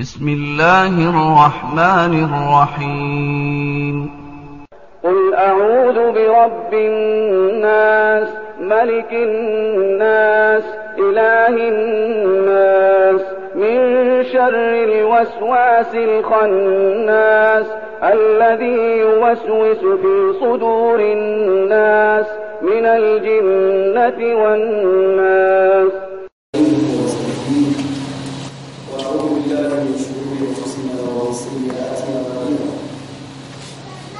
بسم الله الرحمن الرحيم قل أعوذ برب الناس ملك الناس إله الناس من شر الوسواس الخناس الذي يوسوس في صدور الناس من الجنة والناس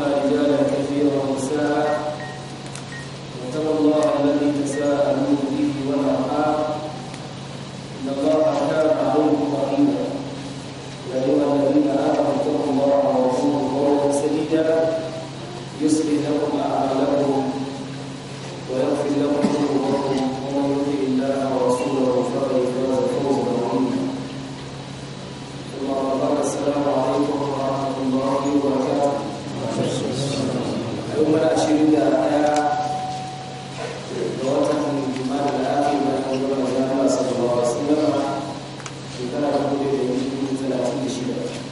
رجالا كثيرا ونساء واتقوا الله الذي تساءلون به والارحام ان الله كان عليكم رحيما يا ايها الذين امنوا اتقوا الله ورسوله قولا سديدا يصلح لكم اعمالكم ويغفر لكم ذنوبكم ومن يطع الله ورسوله فقد فاز فوزا عظيما ثم قال السلام عليكم sallallahu alaihi wasallam shekara 1936